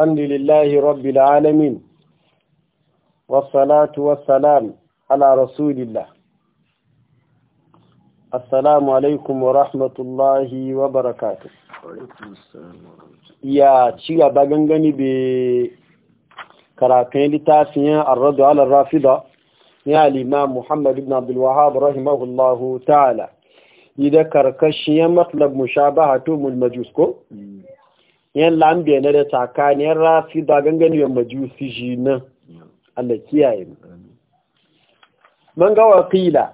الحمد لله رب العالمين والصلاة والسلام على رسول الله السلام عليكم ورحمة الله وبركاته يا شيء بعندني ب كراتين لتاسيا الرد على الرافضة يا الإمام محمد بن عبد الوهاب رحمه الله تعالى إذا كركش يا مطلب مشابهة المجوس كو yan lambe na da yan rafi da ganganiyar majusi shi na Allah kiyaye mu man ga wakila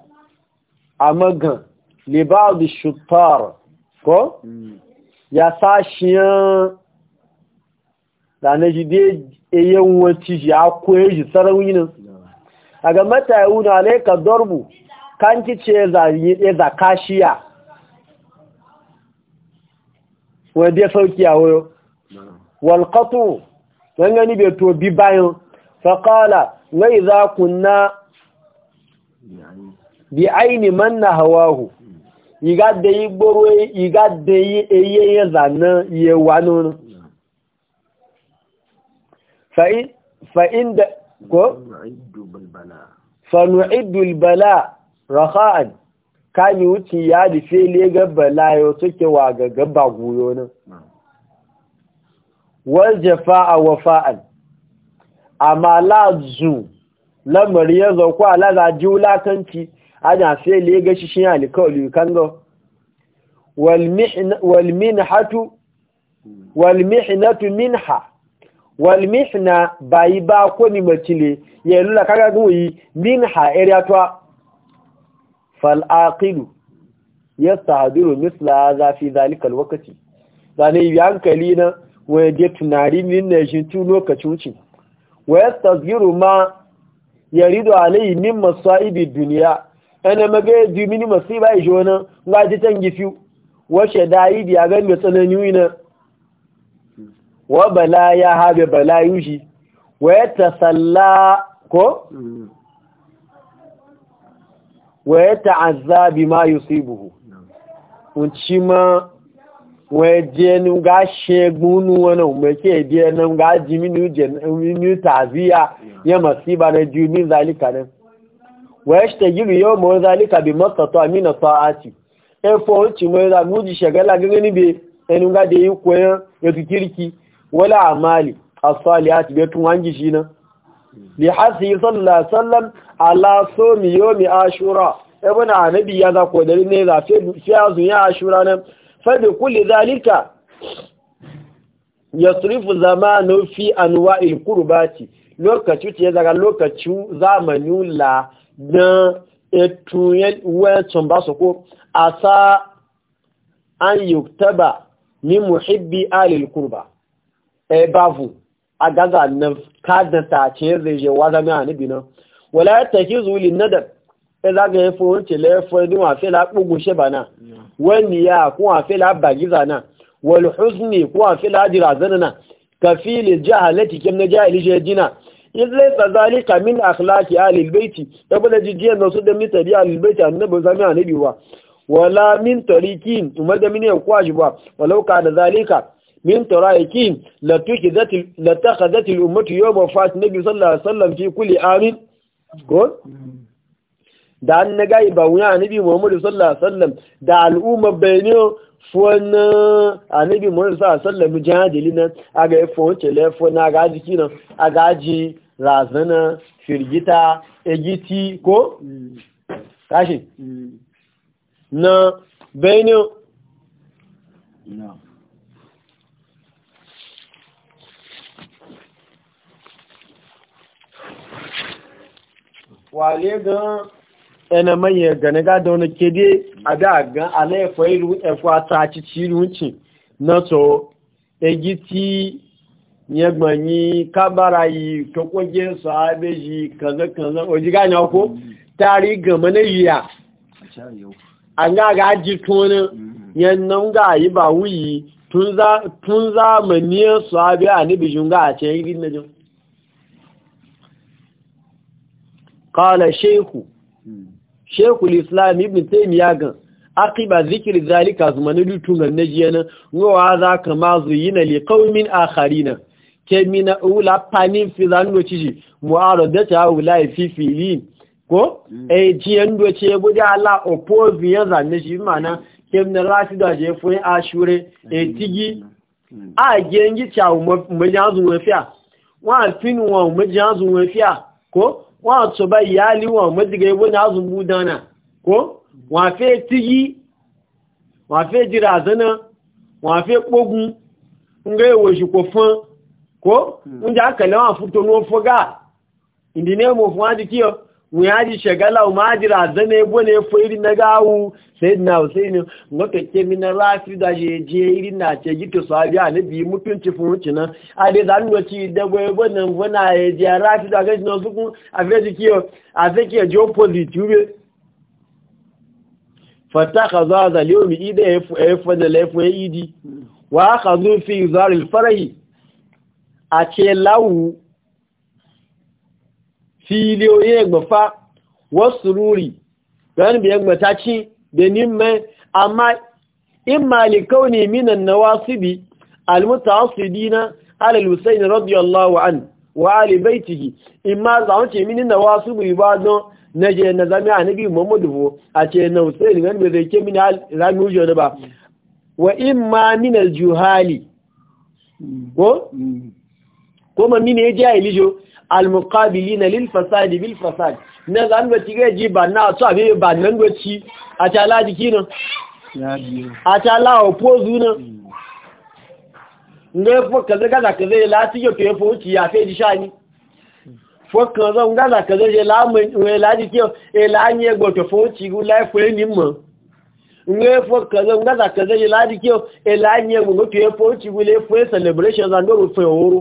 a magan ba'd shuttar ko ya sashiyan da na ji dai eyan wacce shi shi sarauni nan a mata yuna alayka wuna kan ki ce za ya da kashiya wanda ya sauki a wuyo walƙatu don gani bai to bi bayan faƙala wai za kunna bi aini man na hawahu igade hmm. yi gboro igade yi eye ya zana iye wa nuna fa'in da ko? fanu'idul bala raha'ad kani wuce ya rufe gaba layo suke wa ga gaba goyo nan wal jafa'a wafa'an amma lazu lamar ya zo ko alaza julakanci ana sai lega shi shi alkawli kango wal mihna wal minhatu wal mihnatu minha wal mihna bai ba ko ni macile ya lula kaga yi minha area to fal'aƙilu ya sadiru misla zafi zalikal lokaci zane yi hankali na wani da tunari minna shi tun lokacin ci waya tasgiru ma ya rido alayi min masu ibi duniya yana maga ya ji mini masu ba ishi wani ga can gifi washe da yi biya gan da tsanani na wa bala ya habe bala yushi waya ko wa ya ta'azza bi ma yusibuhu unci ma wa je nu ga shegun nu wona me ke je ga jimi nu je nu taziya ya masiba na ju min zalika ne wa yashtajilu yawma zalika bi mastata min sa'ati e fo unci ma da mu ji shagala ga ni be enu yi koyan ya kirki wala amali as-salihati be tun wangi shi na bi hasi sallallahu sallam ala so mi yomi ashura ibn anabi ya za ko dare ne za fi azun ya ashura nan fa bi kulli zalika yasrifu zamanu fi anwa'il qurbati lokaci ce daga lokaci zamanu la na etuyen wetun ba su ko asa an yuktaba ni muhibbi alil qurba e bavu a gaza na kadin ta ce zai je wa zama a nibi nan wala ya tafi zuli na da ya zaga ya fi wance laifin ni wa fela ɓugushe ba na wani ya ku wa fela bagiza na wal husni ko wa jira zana na Ka fili jahalati kim na jahili je jina in zalika min akhlaqi a lilbaiti ya bada jijiyar na su da lilbaiti tabi ahli albayti annabi zami nabi ba. wala min tariqin umar da min ya kwashi ba walau ka da zalika min taraikin la takhazatil ummatu yawma fat nabi sallallahu alaihi wasallam fi kulli amin ko da an na ba wuya annabi muhammadu sallallahu alaihi wasallam da al'umma bayne fon annabi muhammadu sallallahu alaihi wasallam jihadili nan aga fon tele aga jiki nan aga ji razana firgita egiti ko kashi mm. na bayne na wale gan ma manye gane gada wani kede a da gan ala ẹfọ iru ẹfọ e ata cici irunci na so egi ti yagbanyi kabara yi kakwajen su abe yi kanzan-kanzan oji gani ako tari gama ne yi ya an gaga aji tuni yannan ga mm-hmm. yi ba wuyi tun zamaniyar su abe a ne bi nibijin ga a ce yi na jin قال شيخ شيخ الاسلام ابن قال عقب ذكر ذلك زمن لتون النجينا وهذا كما زين لقوم اخرين كمن اولى بانين في ذنب تجي معارضه اولى في فيلين ko hmm. eh jiyan doce guda Allah oppose yan zanne shi mana kem na rashi da je fun e ashure e hmm. tigi hmm. a gengi chawo mu janzu wafia wa finu wa mu ko wọ́n tó bá ìyáàlì wọn mọ́dígẹ ìwé ní azùnbú dánà kó wọ́n fẹ́ tíyí wọ́n fẹ́ jíra àzánà wọ́n fẹ́ pógún ń gẹ́ ìwò fún kó ń jẹ́ àkẹ̀lẹ́wọ̀n fún fọ́gá fún muyaji shagala umajira zane bone fo iri na gawu sayyidina husaini ngoto ke min rafi da je je iri na ce gito sahabi bi mutunci fun wuce nan a dai zan ci da goye bone bona ya e je rafi da ga e e na suku. a feji kiyo a zake je opposite ube fataka za za liyomi ida ya fa da laifin idi wa aka zo fi zaril farahi a ce lawu filiyoyi ya gbafa wasu ruri ɗan biyan mataci da nimman amma in malikau ne minan na wasu bi almutasidi na alalusaini radiyallahu an wa alibaitigi in ma zaunce minin na wasu bi ba don na je na zami a muhammadu bo a ce na usaini wani bai ke zami rami wujo ba wa in ma minal juhali ko? Mm. ko ma mini ya ji a ilijo almukabilina lil fasadi bil fasad na zan wace ga ji ba na to abi ba nan wace a ta la jiki nan a ta la opozu nan ne fo kaza kaza kaza la ti yo to fo ya fe di shani fo kaza ngaza kaza je la me la jiki e la nye go to fo ci gu la fo e ni mo nwe fo kaza ngaza kaza je la jiki e la nye go to fo ci gu le fo e celebration zan do fo oro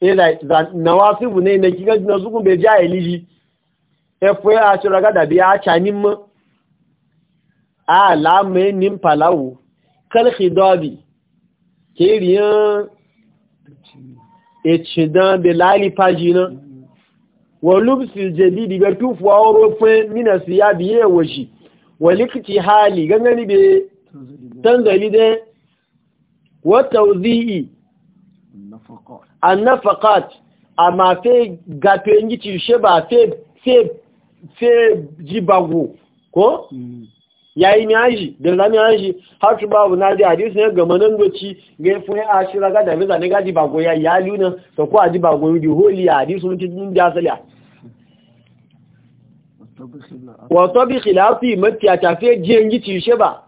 ila nawasibu ne na kiga na zugun be jahiliji efwe a shira gada biya chanin mu a la me nim palawu kal khidabi kiriyan echidan be lali pajina walubsi jadidi diga tufu auro fe mina siya biye washi walikti hali gangani bai. tanzali dai. wa zi'i. annafaqat amma fe gato yin gici ba fe fe fe jibago ko yayi ni aji da zami aji har su babu na da hadisi ne ga manan doci ga fun ya ashira ga da miza ne ga jibago ya yalu nan to ko ajibago yi holi hadisi mun tin da asaliya wato bi khilafi matiya ta fe jiyan gici she ba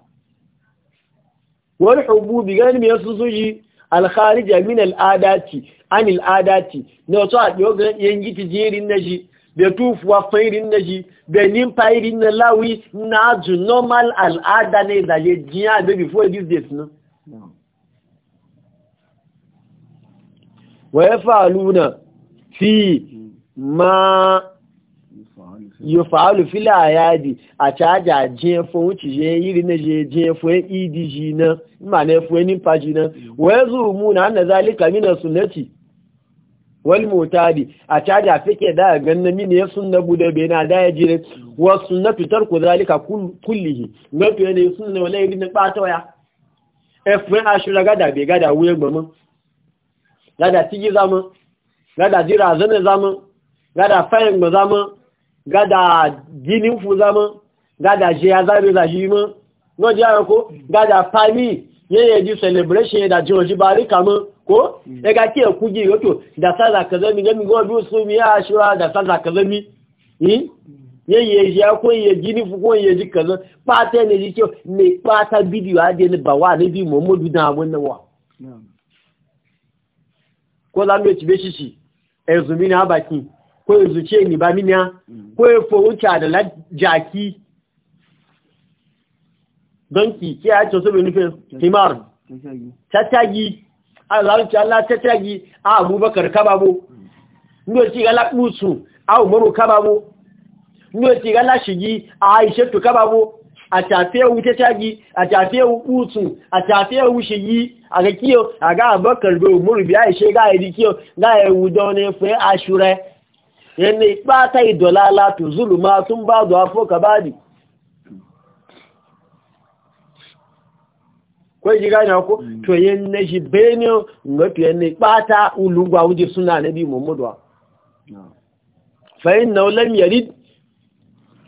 wal hububi gani me yasu suji alkharija min al'adati an al'adati na wato a ɗogon yanki tijirin na shi da tufuwa fairin na shi da nimfairin na lawi na ju normal al'ada ne da ya jiya da before this day no wa ya faluna fi ma yufalu fil ayadi a caja jefo wuce je yiri na je jefo ya e idi ji na ma na efo e ni faji na wa yazumu na anna zalika min sunnati wal mutadi a caja fike da ganna min ya sunna buda be na da ya jire wa sunnatu tarku zalika kullihi ngato ne sunna wala yiri na patoya efo ashura gada be gada wuye gbama gada tigi zama gada jira zama gada fayin gbamo gada ginin fuza mọ́ gada ṣe azábẹ́zà yìí mọ́ wọ́n jẹ́ ẹranko gada pami yẹ́yẹ̀ di celebration yẹ́ dàjí ọjí bá rí kàmọ́ kó ẹga mm. e kí ẹkú e jí ìrótò dàtàzà kẹzẹ́mi gẹ́mi gọ́n bí ó sún mi àṣírà dàtàzà kẹzẹ́mi yẹ́yẹ̀ ẹ̀yẹ ẹkú ẹ̀yẹ jí ní fúnkún ẹ̀yẹ jí kẹzẹ́ pátá ẹni tí ó lè pátá bídíò adé ní bàwá níbi mọ́mọ́dú náà wọ́n náà wà ẹ̀zùn mi ní ko ya zuce ni ba miniya mm. ko ya fowuta da jaki donki ke ya ce su bai nufin timar tattagi a zalunci allah tattagi a abubakar kababo mm. ndo ci gala kusu a umaru kababo ndo ci gala shigi a aishetu kababo a tafiya wuce tagi a tafiya kusu a tafiya yi a ga kiyo a ga abokan bai umaru biya ishe ga ya di kiyo ga ya wudo ne fai ashure yana ipata idolala to zuluma sun ba da afo ka badi kwai ji gani ko, mm. to yana shi benin ga to yana ipata ulugwa wuje suna na bi mummudu fa'in na ulam yarid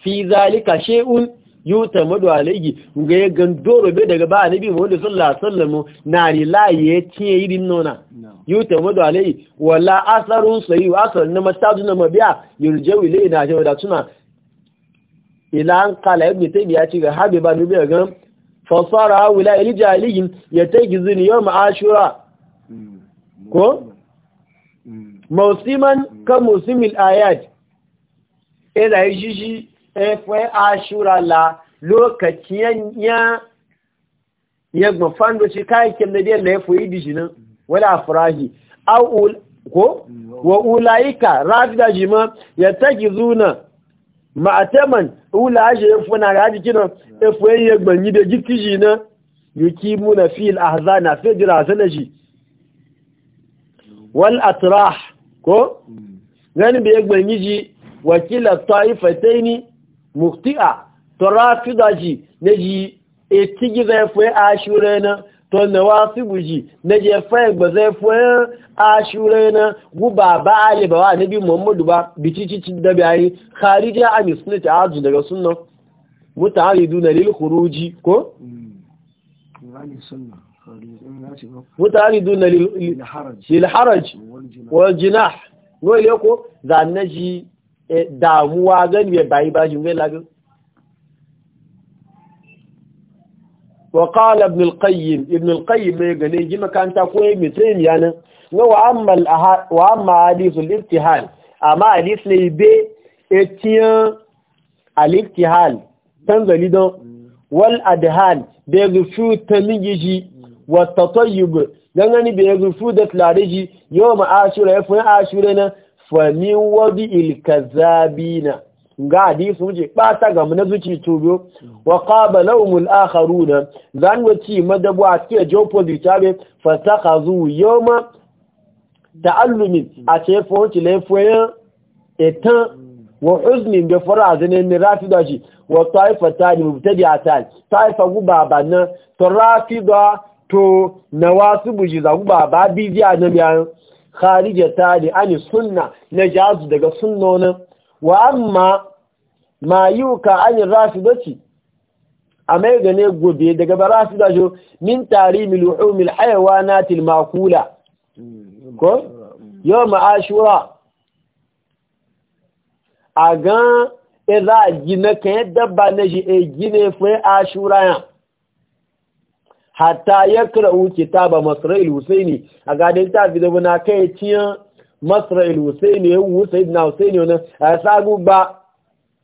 fi zalika shay'un yuta madu alayhi ga ya gandoro be daga ba annabi wanda sallallahu alaihi wasallam na rilaye tiye din nona yuta madu alayhi wala asarun sayu asar na matadu na mabiya yurjawi le na da suna ila an kala ibn taymiya ci ga habiba nu be ga sara wala iljalihim zin yawm ashura mm. ko mm. mausiman ka musimil ayat ila e yi efe ashura la lokaci ya ya gbafan da shi kayan kemnadiyar na ya foyi dishi nan wala furahi ko wa ulaika rafida jima ya taki zuna ma'ataman ulaje ya funa ga jikina efe ya gbanyi da jikiji na yuki muna fil ahzana fi jira sanaji wal atrah ko mm. gani bai gbanyi ji wakila taifataini mufti'a to rafida ji na ji eti gizai a ashure na to na wasibu ji na je zai gbazai a ashure na guba ba ali ba wa bi muhammadu ba bicici da bayi kharija a misunati azu daga sunna muta'ariduna lil khuruji ko mm. eh, muta'ariduna lil haraj wal jinah wal yako zanaji dàmúwa gẹ́nu yẹ báyìí bá jù ń lágbé wọ̀kọ́lá ibn al-qayyí mẹ́ gane jí makanta kó yẹ mẹ́tẹ́yìn yana ní wa ma hadith al-iftihal a ma hadith na ibe etiyan al-iftihal tanzali don wal adhan da ya gufu ta nigi ji wata toyi gani da ya gufu da tulare ji yau ma'ashura ya fi ashura na famin wadi ilkazabina ga hadisu wuce ɓata ga na zuci tubo wa ƙaba laumul akharu na zan wuce madabu a cikin jopoli tabe fasaka zuwa yau ma ta'allumin a ce fahimci laifoyin etan wa uzni da fara zanen ne, rafi da shi wa taifata mubtadi a ta taifa guba ba na to rafi da to na wasu buji za guba ba a nan biyan ta da ani sunna na jazu daga sunnonin wa amma ma yuka ani rafidati Amai mai gobe daga ba rafida jo min tarimi luhumil hayawanatil makula mm, ko mm. yau ma'ashura a gan e gina kan yadda ba na ji e gine fai ashura yan hatta ya kira'u ba masra'il husaini a gadin ta fi zama na kai ciyan masra'il husaini ya wu sai na husaini wani a ya sagu ba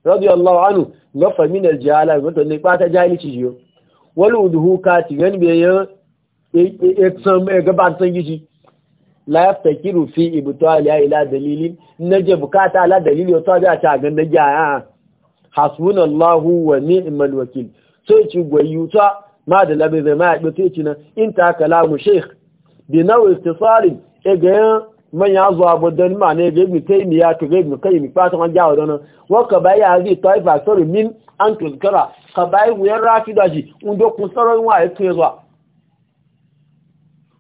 radiyallahu anu ga faminar jihala wato ne ba ta jahili ci jiyo wani uduhu ka ci gani bai yi eksan e, e, mai san gishi la ya fi kiru fi ibutuwa ila dalilin na je bukata ala dalili wata a ta gan na jaya hasbunallahu wa ni'mal wakil so ci gwayuta ma da labe zai ma ya ɓe tuci nan in ta kalamu sheikh bi nawa iktisarin e ga yan manya zuwa buddan ma ne ga ibn taymiya to ga ibn qayyim fa ta man jawo don wa ka bai ya zai taifa saru min an tuzkara ka bai wuyar rafi da shi undo kun saron wa ya tuye zuwa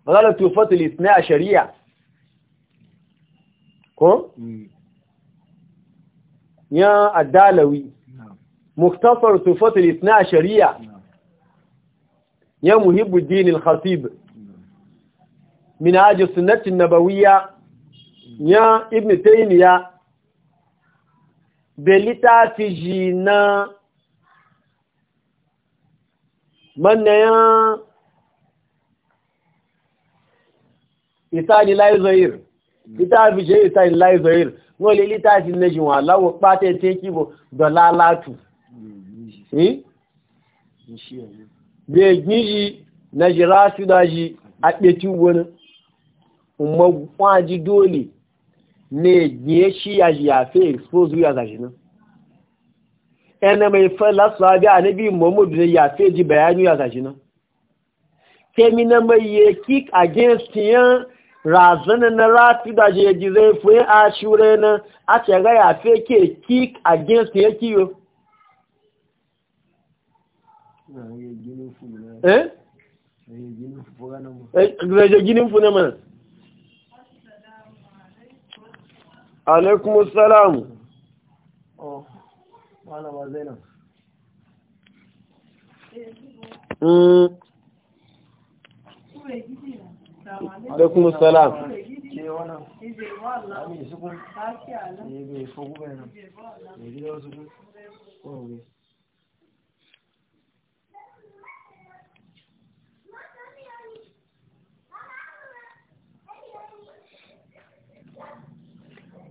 magana tufatul isna a shari'a ko ya adalawi muktasar tufatul isna a shari'a ya muhibbu dinil khasib min aji sunnatin nabawiyya ya ibn taymiya belita fi jina manna ya isani lai zahir ita fi je isani lai zahir wọ́n lè lítà sí méjì wọn aláwọ̀ pátẹ́ tí kíbò dọ̀lá látù bai gini na jira su daji a ɗeti wani magwaji dole ne gine shi ya ji yafe expose ya zashi nan ẹni mai fẹ́lá sọ́bí àníbí muhammadu ne yafe ji bayanu ya zashi nan kemi na mai yẹ kick against yan razana na rafi da je gizai fún ashura na a ṣe ga yafe ke kick against yan kiyo eh zai ginin funa mana alaikumus salam oh, alaikumus hmm. salam ke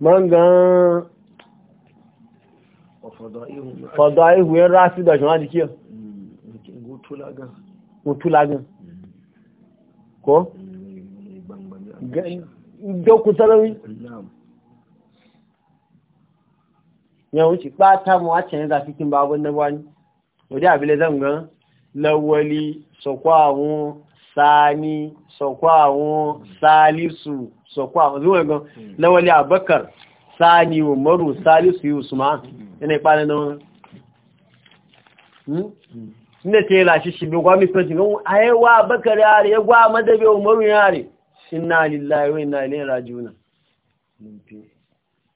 mangan fọ̀dọ̀ ihu yẹn rá sí ìdọ̀ṣùn láti kí ọ mú túlágán kọ́ ìjọkù tọ́lọ́rí yẹn wọ́n ti bá wọ́n ní àbílẹ̀ sani sokwawon salisu sokwawon zuwa gan lawali abakar sani umaru salisu yi usman yana hmm. ipanin na wani suna hmm? ce lashi shi bin gwami a yi wa abakar yare ya gwa madabe umaru yare inna lillahi wa inna ilaihi rajiuna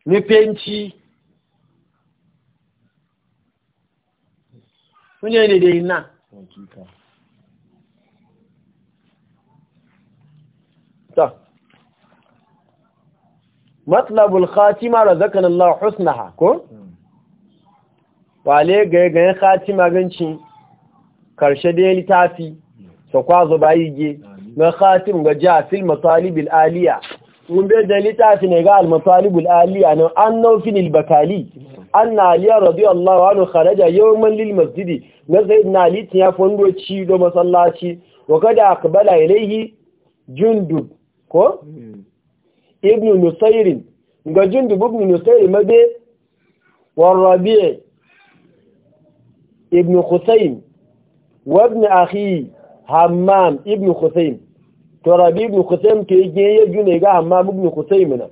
nufinci kunye ne da yi na ta matlabul khatima razaqana Allah husnaha ko wale ga ga khatima ganci karshe da litafi so kwazo bayige na khatim ga ja fil aliya mun da da litafi ne ga al matalib aliya nan annaw fil bakali anna aliya radiyallahu anhu kharaja yawman lil masjid na sayyidina ali ya fondo ci do masallaci wa kada aqbala ilayhi jundub ko hmm. ibn nusairin ga jundub ibn nusairin mabe wa rabi' ibn husayn wa ibn akhi hammam ibn husayn to rabi ibn husayn ke geye june ga hammam ibn husayn na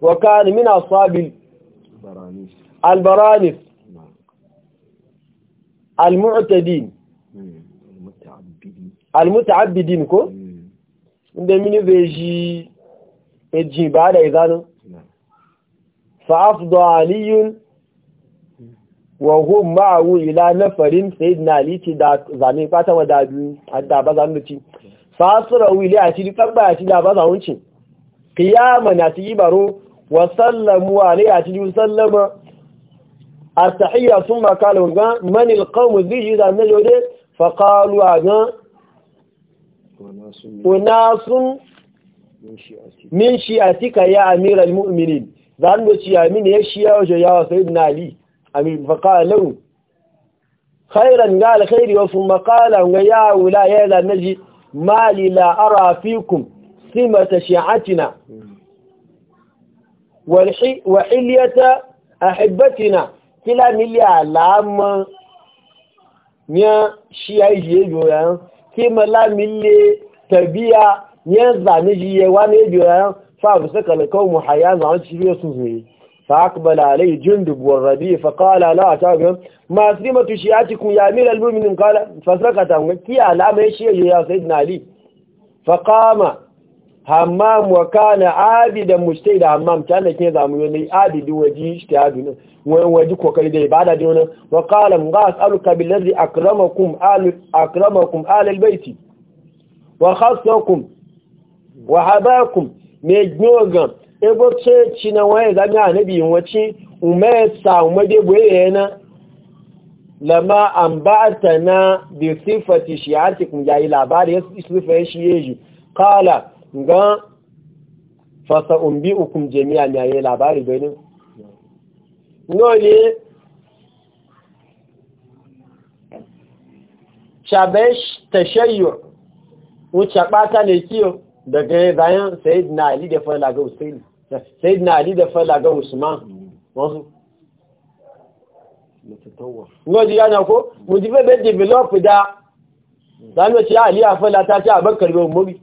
wa kana min ashabil albaranis المعتدين المتعبدين كو inda mini zai shi ya ji ba da izanin fa'afdo aliyun wa hun ma'awu ila na farin sayyidina ali ce da zane fata wa da biyu da ba zan nuci fasura wili a cikin karba a shi da ba zan wuce qiyama na ci baro wa sallamu ne a cikin sallama at-tahiyya thumma qala man al mu zai yi zane jode fa qalu a أناس من شيعتك يا أمير المؤمنين ذان وشيع من يشيع يا سيدنا علي أمير فقال له خيرا قال خيري وثم قال يا ولا يا نجي ما لي لا أرى فيكم سمة شيعتنا وحلية أحبتنا كلا مليا لام يا شيعي جيجو ke mala mille tabiya yan zane ji ya wani biyo yan fa bu saka la kaum haya zan ci biyo su zai fa aqbala alai jundub war rabi fa qala la ta'am ma slimatu shi'atikum ya amir al mu'minin qala fa sakata kiya la mai shi ya sayyidina ali fa qama hammam wa kana abidan mujtahid hammam ta da ke zamu yi abidi waji ijtihadu ne wani waji kokari da ibada da wani wa qala ngas aluka bil ladhi akramakum al akramakum al al baiti wa khassakum wa habakum me gnogan ebo ce na waye da ga nabi wace umaysa umade boye na lama anba'tana bi sifati shi'atikum ya ila bari yasifa shi yeji qala ga fasa umbi hukum jami'a ne yayin labari ganin nole shabesh tashayyu wuce bata ne kiyo daga bayan sayyidina ali da fara ga usman na ali da fara ga usman wasu ngoji yana ko mu ji be develop da dan wace ali afala ta ci abakar be mu bi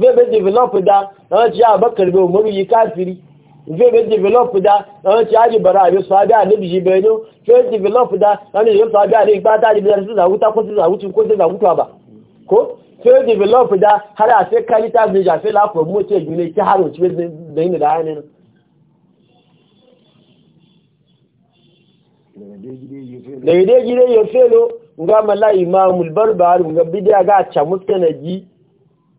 bẹ́ẹ̀ develop da ẹ̀wọ́n ti àbọ́kẹ̀ rẹ̀ mọ́rú yìí káàkiri bẹ́ẹ̀ develop da ẹ̀wọ́n ti àjìbọ̀rọ̀ àbí sọ́ábẹ́ àníbi yìí bẹ̀ẹ́ ní bẹ́ẹ̀ develop da ẹ̀wọ́n ti sọ́ábẹ́ àníbi gbátá àti bíi àti àwútá kó sí àwútú kó sí àwútú àbà kó bẹ́ẹ̀ develop da hada àti kálítà bíi àfẹ́ láàpọ̀ mú ti ẹ̀jú lé kí hàrùn tí bẹ́ẹ̀ dẹ̀yìn nìlá yẹn nínú. daga dai gida ya felo ga mala imamul barbar ga bidiya ga ca muskana ji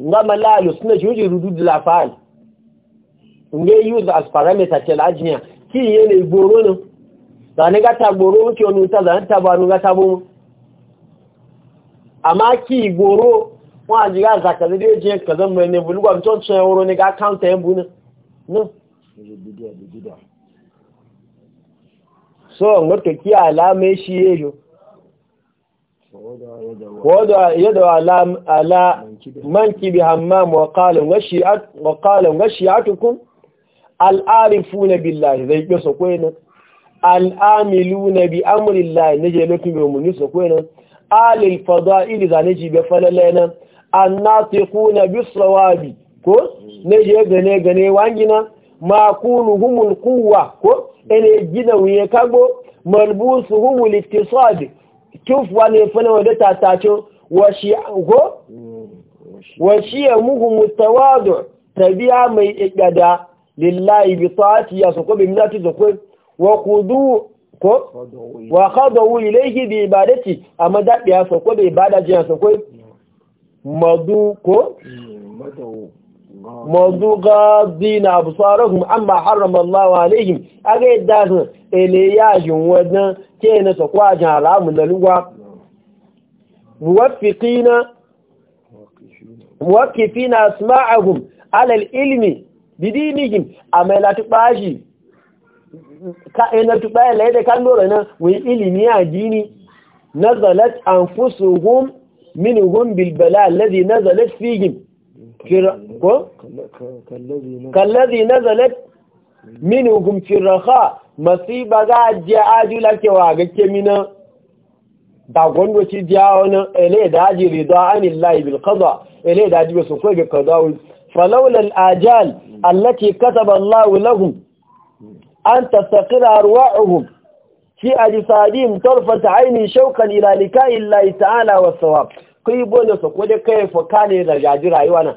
ngama la yo suna rudu de la fan nge use as parameter tel ajnia ki yene igboro no da ne ga ta gboro ki onu ta da ta ba nu ga ta bu ama ki igboro wa ji ga zaka de je ka zan mai ne bulugwa mton chen euro ne ga count en bu no so ngoto ki alame shi yejo ووضع يدعو على على منكب همام وقال وشيعت وقال وشيعتكم العارفون بالله زي يسو كوينا العاملون بأمر الله نجي لكم بمن يسو كوينا آل الفضائل إذا نجي بفللنا الناطقون بالصواب كو نجي غني غني وانجنا ما كونهم القوة كو إن جنا ويكابو ملبوسهم الاقتصاد tufuwa ne fana wadda wa shi ya muhu mutawadu tabiya mai ikada lillahi bi ta'ati ya sako bi minati ko wa khudu ko wa khadu ilayhi bi ibadati amma da ya sako bi ibada jiya sako madu ko eh, madu mọ̀dú gáàbí na àbùsọ́rọ̀kùn a máa harama láwọn aléhìm aga ìdáhùn èlé yáàjì wadán kí ẹni sọ̀kọ́ àjàn aláàmù lọ́lúwá wọ́kìfí na smáàgùn alal ilmi bidinihim a mai latubashi da ilimi a nazalat anfusuhum nazalat kallazi nazalat minhum fi raha masiba ga je ajula kewa ga kemina Da gondo ci jawo nan ele da aji rida anillahi bil qada ele da aji su ko ga qada falawla al ajal allati kataba allah lahum an tastaqira arwahum fi ajsadihim tarfat ayni shawqan ila liqa'i allah ta'ala wasu sawab kai bona su ko da kai fa kane da jaji rayuwa nan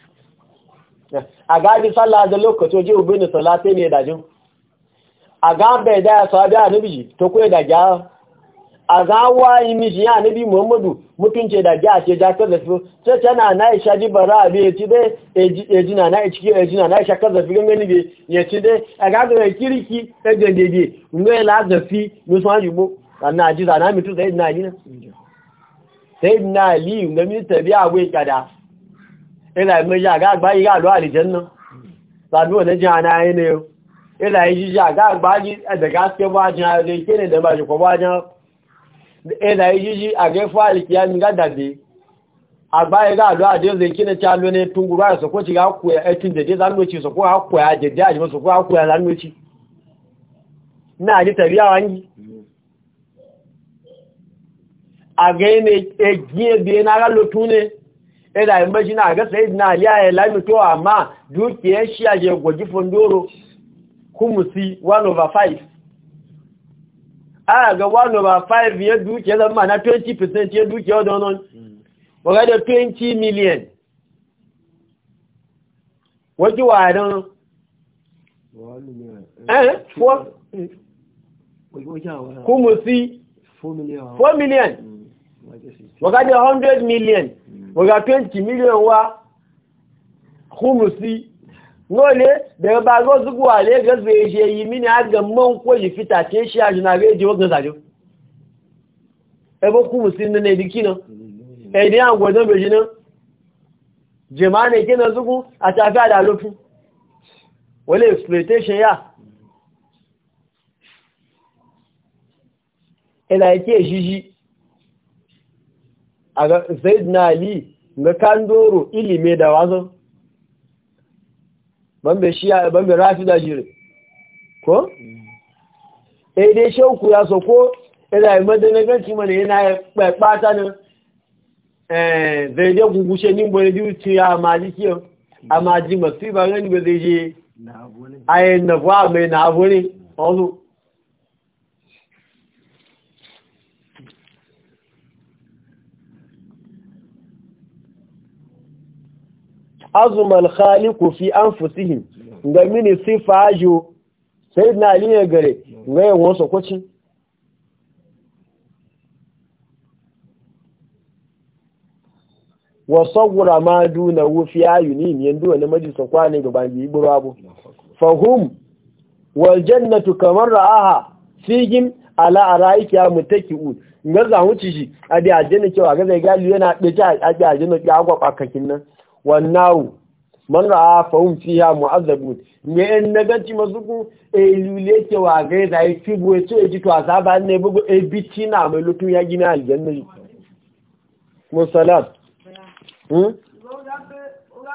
a gaji sallah da lokaci waje ubin sallah sai ne dajin a gabe da ya sabi a nabi to kuwa da gya a gawa yi mishi ya nabi muhammadu mutunce da gya ce jakar da su sai tana na isha ji bara a bai ci dai ejina na ciki ejina na isha kan zafi gangan ne ya ci dai a gaga da kiriki ta gandege ngai la zafi musamman jibo na ji zana mitu sai na yi na sai na li ga mi tabi a gwai kada ila mai ga gba yi ga lo aljanna sanu ne ja na yi ne ila yi ja ga gba yi da gaske ba ja le kene da ba ji ba ja ila yi ji a ga fa alkiyami ga dabe agba yi ga lo ade ze kene ne tungura so ko ci ga ku ya etin de de ci so ko ha ku ya je ja ji so ko ha ku ya zanu ci na ji tabiya wangi a ga ne egiye biye na ga lo tune ina yin bashi na ga sai na aliya ya lami to amma dukiyar shi a je gwaji kumusi 1 over 5 a ga 1 over 5 ya dukiyar zama na 20% ya dukiyar donon waga da 20 million wajen warin eh, kumusi 4 million waga hmm. da 100 million ọ̀gá 20 million wá húmù sí nole daga ba zo zuwa Lagos bai mini har ga man ko yi fita ce shi a jina bai je ebe ku musin ne dikinan eh bai a tafiya da lofi wale ya e a ga na ali ga kandoro ilime da wazo bambe shiya bambe rafi da jiri ko eh dai shauku ya so ko ina yi madana ganci mana yana kpata nan eh zai dai gugushe nin bane biyu ci ya maji kiyo a maji masu ba gani ba zai je ayin na kwa mai na abu ne ọzọ azumal khaliqu fi anfusihim ga mini sifa ajo na ali ya gare ga yawan sokoci wa sawura ma duna wufi ayuni duwa wani majisa kwane gaban biyi burabu fahum wal jannatu kamar ra'aha fihim ala araiki ya u ga zahuci shi a da aljanna cewa ga zai gali yana dace a da aljanna ya gwa kwakakin nan wannaru man ra'a fa hum fiha mu'azzabun me en ci mazuku e eh, lule ke wa ga da ya bo to e jitu azaba ne bugu e eh, bitina mai lutu ya gina aljanna musallat hmm